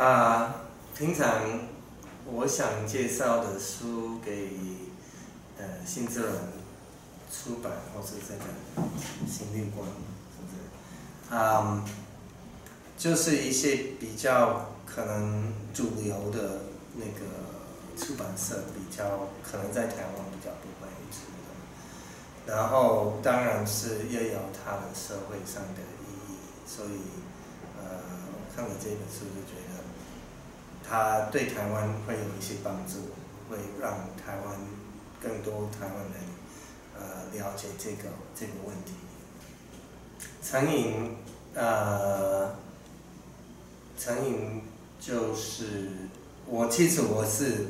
啊、呃，平常我想介紹的書給呃新知人出版，或者這個新綠光，是不是？啊、呃，就是一些比較可能主流的那個出版社，比較可能在台灣比較不會出的。然後當然是要有它的社會上的意義，所以呃，看了這本書就覺得。他對台灣會有一些幫助，會讓台灣更多台灣人呃了解這個這個問題。成癮呃，成癮就是我，其實我是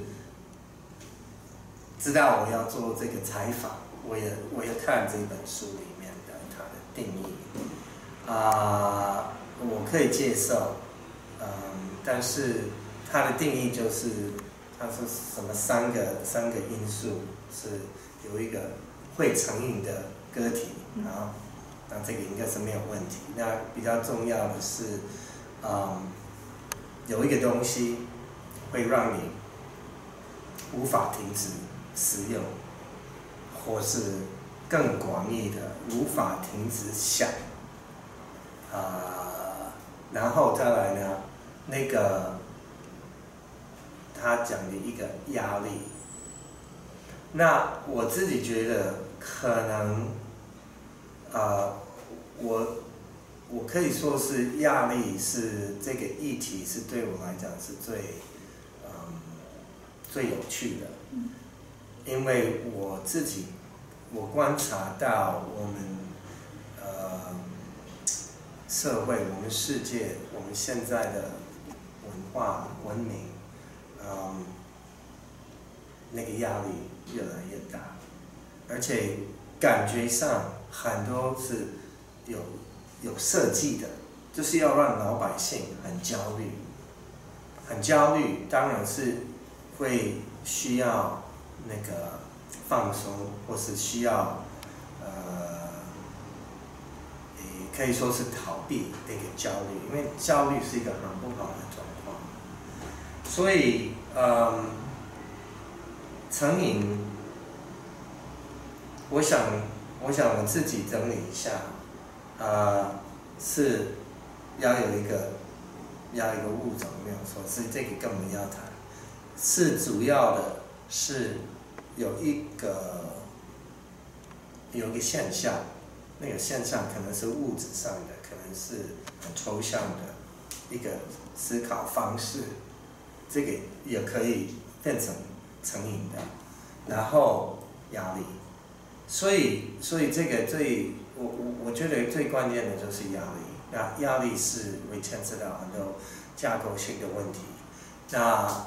知道我要做這個採訪，我也我也看這本書裡面的它的定義啊、呃，我可以接受，嗯、呃，但是。它的定義就是，它是什麼？三個三個因素是有一個會成癮的個體，然後那這個應該是沒有問題。那比較重要的是，呃，有一個東西會讓你無法停止使用，或是更廣義的無法停止想。啊，呃，然後再來呢，那個。他講的一個壓力，那我自己覺得可能，呃，我我可以說是壓力是這個議題是對我來講是最、呃、最有趣的，因為我自己我觀察到我們呃社會我們世界我們現在的文化文明。嗯，um, 那個壓力越來越大，而且感覺上很多是有有設計的，就是要讓老百姓很焦慮，很焦慮，當然是會需要那個放鬆，或是需要呃，也可以說是逃避那個焦慮，因為焦慮是一個很不好的狀態。所以，嗯、呃，成癮，我想，我想我自己整理一下，呃，是要有一個，要一個物種沒有錯，是這個跟我們要談，是主要的，是有一個，有一個現象，那個現象可能是物質上的，可能是很抽象的一個思考方式。這個也可以變成成癮的，然後壓力，所以所以這個最我我我覺得最關鍵的就是壓力。那壓力是會牽扯到很多架構性的問題。那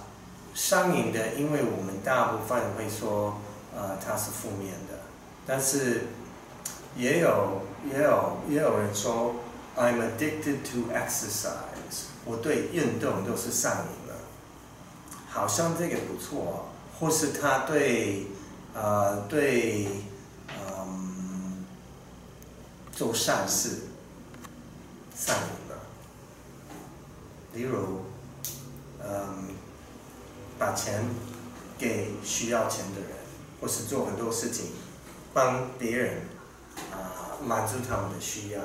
上癮的，因為我們大部分會說，啊、呃、它是負面的，但是也有也有也有人說，I'm addicted to exercise，我對運動都是上癮的。好像這個不錯，或是他對，呃，對，嗯、呃，做善事，善的，例如，嗯、呃，把錢給需要錢的人，或是做很多事情，幫別人，啊、呃，滿足他們的需要，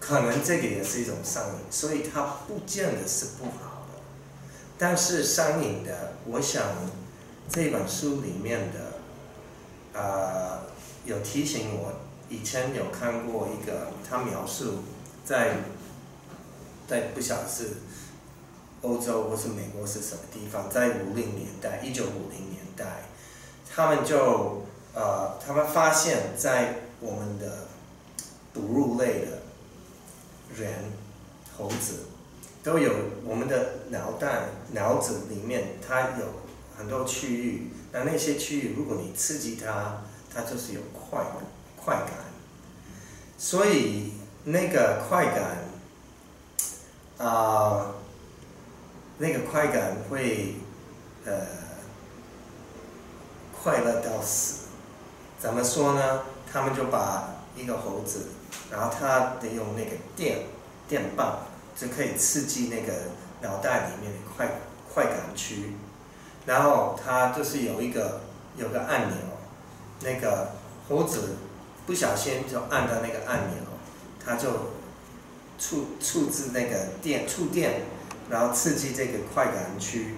可能這個也是一種善，所以他不見得是不好。但是上癮的，我想這本書裡面的，啊、呃，有提醒我，以前有看過一個，他描述在，在不曉得是歐洲或是美國是什麼地方，在五零年代，一九五零年代，他們就啊、呃，他們發現，在我們的哺乳類的人猴子都有我們的腦袋。腦子裡面它有很多區域，那那些區域，如果你刺激它，它就是有快快感，所以那個快感啊、呃，那個快感會呃快樂到死。怎麼說呢？他們就把一個猴子，然後他得用那個電電棒，就可以刺激那個。腦袋裡面的快快感區，然後它就是有一個有個按鈕，那個猴子不小心就按到那個按鈕，它就觸觸至那個電觸電，然後刺激這個快感區，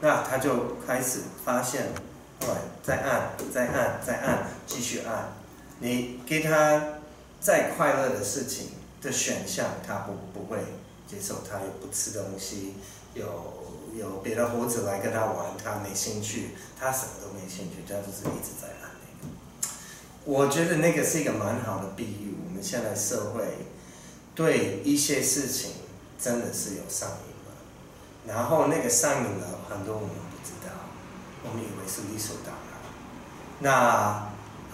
那他就開始發現，再按再按再按繼續按，你給他再快樂的事情的選項，他不不會。接受他也不吃東西，有有別的猴子來跟他玩，他沒興趣，他什麼都沒興趣，他就是一直在玩那個。我覺得那個是一個蠻好的比喻。我們現在社會對一些事情真的是有上癮了，然後那個上癮了很多我們不知道，我們以為是理所當然。那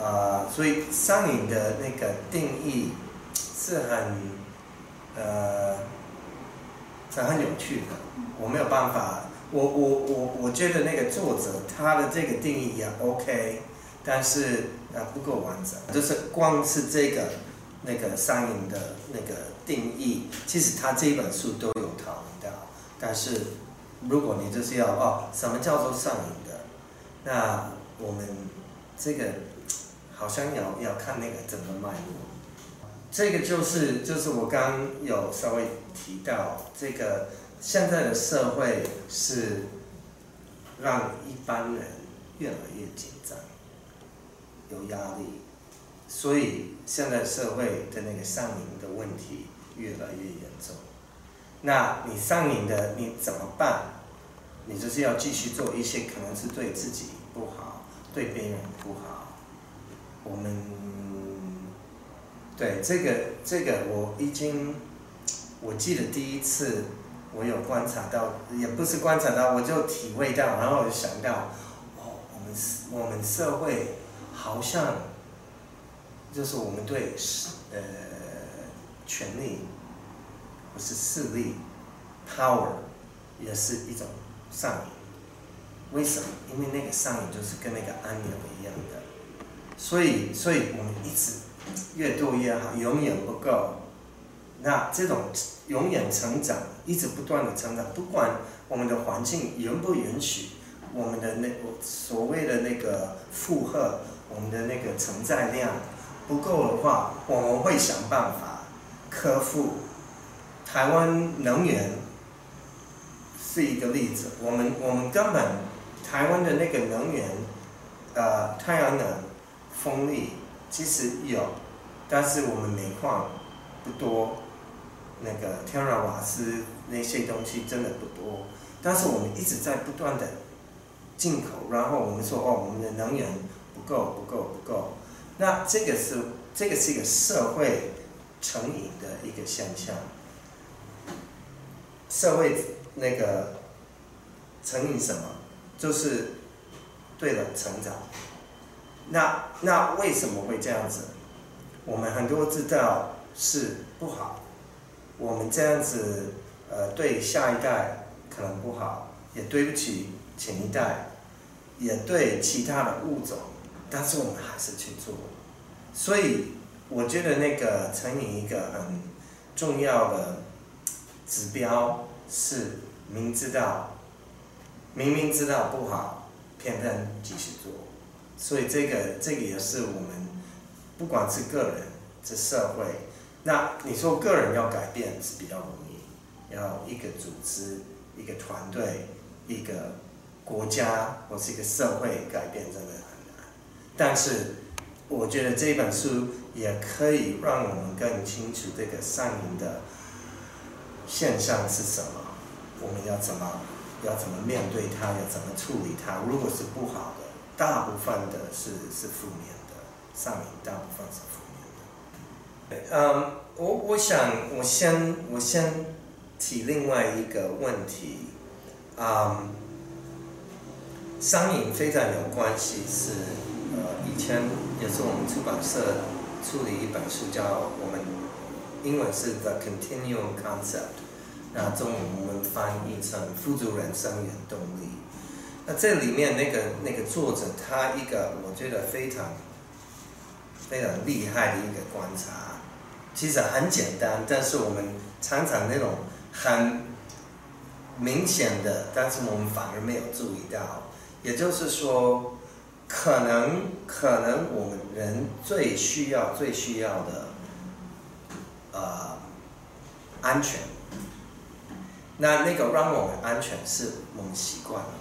啊、呃，所以上癮的那個定義是很呃。很很有趣的，我沒有辦法，我我我我覺得那個作者他的這個定義也 OK，但是啊不夠完整，就是光是這個那個上癮的那個定義，其實他這一本書都有討論到，但是如果你就是要哦什麼叫做上癮的，那我們這個好像要要看那個怎麼脈絡。這個就是就是我剛有稍微提到，這個現在的社會是讓一般人越來越緊張，有壓力，所以現在社會的那個上癮的問題越來越嚴重。那你上癮的你怎麼辦？你就是要繼續做一些可能是對自己不好、對別人不好，我們。對這個，這個我已經，我記得第一次我有觀察到，也不是觀察到，我就體會到，然後我就想到，哦，我們我們社會好像就是我們對，呃，權力不是勢力，power 也是一種上癮，為什麼？因為那個上癮就是跟那個按鈕一樣的，所以，所以我們一直。越多越好，永遠不夠。那這種永遠成長，一直不斷的成長，不管我們的環境允不允許，我們的那所謂的那個負荷，我們的那個承載量不夠的話，我們會想辦法克服。台灣能源是一個例子，我們我們根本台灣的那個能源，呃，太陽能、風力其實有。但是我們煤礦不多，那個天然瓦斯那些東西真的不多。但是我們一直在不斷的進口，然後我們說哦，我們的能源不夠，不夠，不夠。那這個是這個是一個社會成癮的一個現象。社會那個成癮什麼？就是對了，成長。那那為什麼會這樣子？我們很多知道是不好，我們這樣子，呃，對下一代可能不好，也對不起前一代，也對其他的物種，但是我們還是去做。所以我覺得那個成癮一個很重要的指標是明知道，明明知道不好，偏偏繼續做。所以這個這個也是我們。不管是個人、是社會。那你說個人要改變是比較容易，要一個組織、一個團隊、一個國家或是一個社會改變真的很難。但是我覺得這本書也可以讓我們更清楚這個上癮的現象是什麼，我們要怎麼要怎麼面對它，要怎麼處理它。如果是不好的，大部分的是是負面。上癮大部分是負面的。嗯、um,，我我想我先我先提另外一個問題，啊、um,，上癮非常有關係是，呃，以前也是我們出版社出的一本書叫我們英文是 The Continuum Concept，那中文我們翻譯成“富足人生源動力”。那這裡面那個那個作者他一個我覺得非常。非常厲害的一個觀察，其實很簡單，但是我們常常那種很明顯的，但是我們反而沒有注意到。也就是說，可能可能我們人最需要、最需要的，呃，安全。那那個讓我們安全是我們習慣了，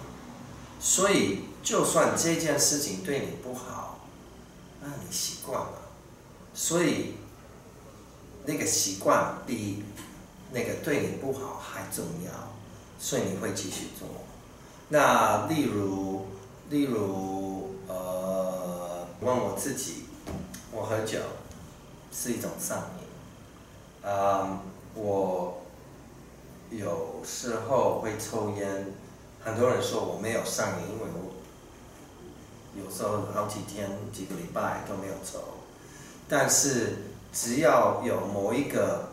所以就算這件事情對你不好。那、啊、你習慣了，所以那個習慣比那個對你不好還重要，所以你會繼續做。那例如，例如，呃，問我自己，我喝酒是一種上癮、呃，我有時候會抽煙，很多人說我沒有上癮，因為我。有時候好幾天、幾個禮拜都沒有抽，但是只要有某一個、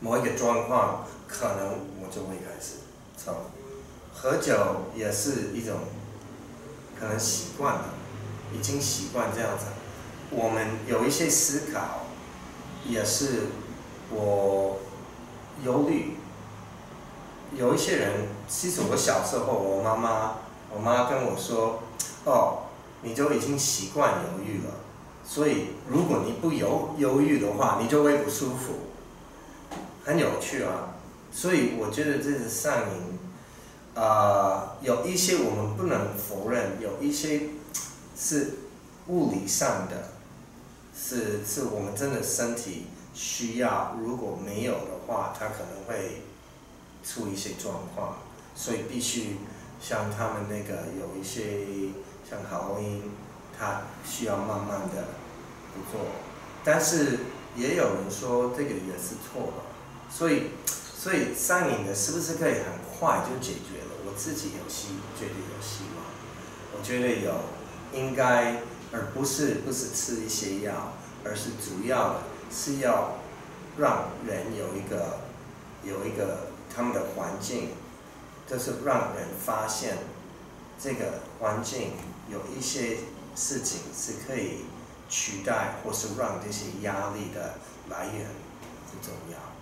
某一個狀況，可能我就會開始抽。喝酒也是一種，可能習慣了，已經習慣這樣子。我們有一些思考，也是我憂慮。有一些人，其實我小時候，我媽媽、我媽跟我說。哦，oh, 你就已經習慣猶豫了，所以如果你不猶猶豫的話，你就會不舒服，很有趣啊。所以我覺得這是上癮，啊、呃，有一些我們不能否認，有一些是物理上的，是是我們真的身體需要，如果沒有的話，它可能會出一些狀況，所以必須。像他們那個有一些像海洛因，它需要慢慢的不做，但是也有人說這個也是錯的，所以，所以上癮的是不是可以很快就解決了？我自己有希，絕對有希望，我覺得有，應該，而不是不是吃一些藥，而是主要是要讓人有一個有一個他們的環境。就是讓人發現，這個環境有一些事情是可以取代，或是讓這些壓力的來源不重要。